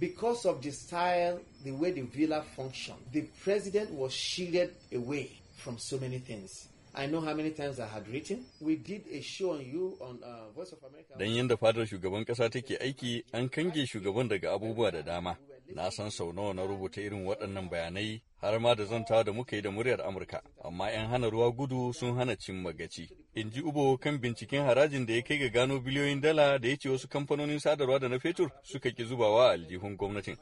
because of the style, the way the villa functioned, the president was shielded away from so many things. I know how many times I had written. We did a show on you on uh, Voice of America. Dan yanda fadar shugaban kasa take aiki, an kange shugaban daga abubuwa da dama. Na san sau nawa na rubuta irin waɗannan bayanai har ma da zanta da muka yi da muryar Amurka, amma 'yan hana ruwa gudu sun hana cin magaci. In ji Ubo kan binciken harajin da ya kai ga gano biliyoyin dala da ya ce wasu kamfanonin sadarwa da na fetur suka ki zubawa aljihun gwamnatin.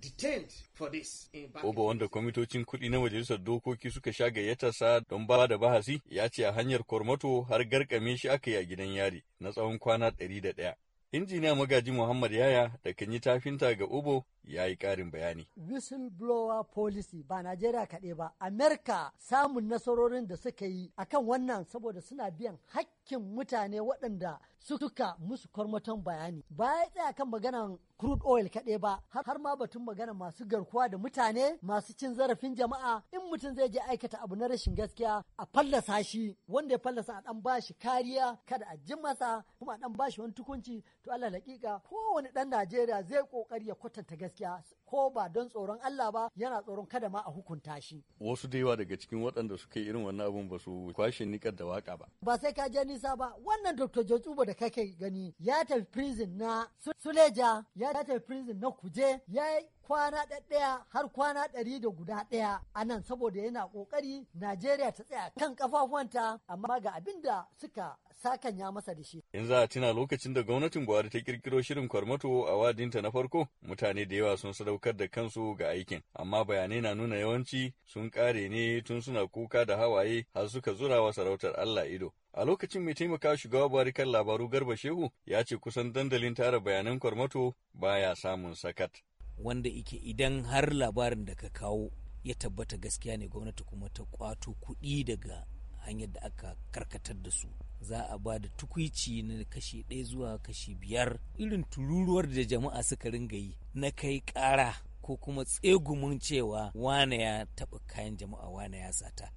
detained wanda kwamitocin kuɗi na majalisar dokoki suka sha sa don ba da bahasi ya ce a hanyar kormato har garkame shi aka yi a gidan yari na tsawon kwana ɗari da ɗaya. Injiniya Magaji Muhammad Yaya da kan yi tafinta ga Ubo ya yi ƙarin bayani. Whistleblower policy ba Najeriya kaɗai ba, Amerika samun nasarorin da suka yi akan wannan saboda suna biyan haƙƙi hakkin mutane waɗanda suka musu kwarmaton bayani ba ya tsaya kan maganan crude oil kaɗai ba har ma batun magana masu garkuwa da mutane masu cin zarafin jama'a in mutum zai je aikata abu na rashin gaskiya a fallasa shi wanda ya fallasa a ɗan bashi kariya kada a ji masa kuma a dan bashi wani tukunci to Allah laƙiƙa kowane ɗan Najeriya zai ƙoƙari ya kwatanta gaskiya ko ba don tsoron Allah ba yana tsoron kada ma a hukunta shi. Wasu da yawa daga cikin waɗanda suka yi irin wannan abun ba su kwashe niƙar da waka ba. Ba sai ka je nisa ba wannan Dr. ubo da kake gani ya tafi prison na Suleja ya tafi prison na Kuje ya kwana ɗaya har kwana ɗari da guda ɗaya a nan saboda yana ƙoƙari Najeriya ta tsaya kan ƙafafuwanta amma ga abin da suka ya masa da shi. In za a tuna lokacin da gwamnatin Buhari ta kirkiro shirin kwarmato a wadinta na farko mutane da yawa sun sadaukar da kansu ga aikin amma bayanai na nuna yawanci sun ƙare ne tun suna kuka da hawaye har suka zura wa sarautar Allah ido. A lokacin mai taimaka shugaba Buhari kan labaru Garba Shehu ya ce kusan dandalin tara bayanan kwarmato baya samun sakat. Wanda ike idan har labarin da ka kawo ya tabbata gaskiya ne gwamnati kuma ta kwato kuɗi daga hanyar da aka karkatar da su za a ba da tukwici na kashi ɗaya zuwa kashi biyar irin tururuwar da jama'a suka ringa yi na kai kara ko kuma tsegumin cewa wane ya taɓa kayan jama'a wane ya sata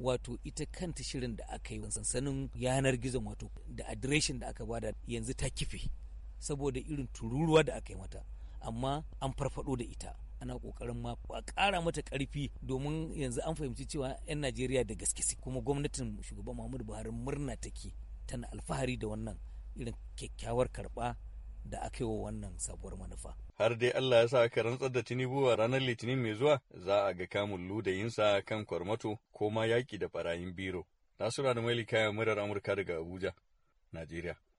wato ita kanta shirin da aka yi sansanin yanar gizon wato da adireshin da aka bada yanzu ta kife saboda irin tururuwa da aka yi mata amma an farfado da ita ana kokarin ma a ƙara mata karfi domin yanzu an fahimci cewa 'yan najeriya da gaske kuma gwamnatin shugaban muhammadu buhari murna take tana alfahari da wannan irin kyakkyawar karɓa da aka wa wannan sabuwar manufa. Har dai Allah ya sa aka rantsar da Tinubu a ranar Litinin mai zuwa za a ga kamun ludayinsa kan kwarmato ko ma yaƙi da barayin biro. Nasura da Malika murar Amurka daga Abuja, Najeriya.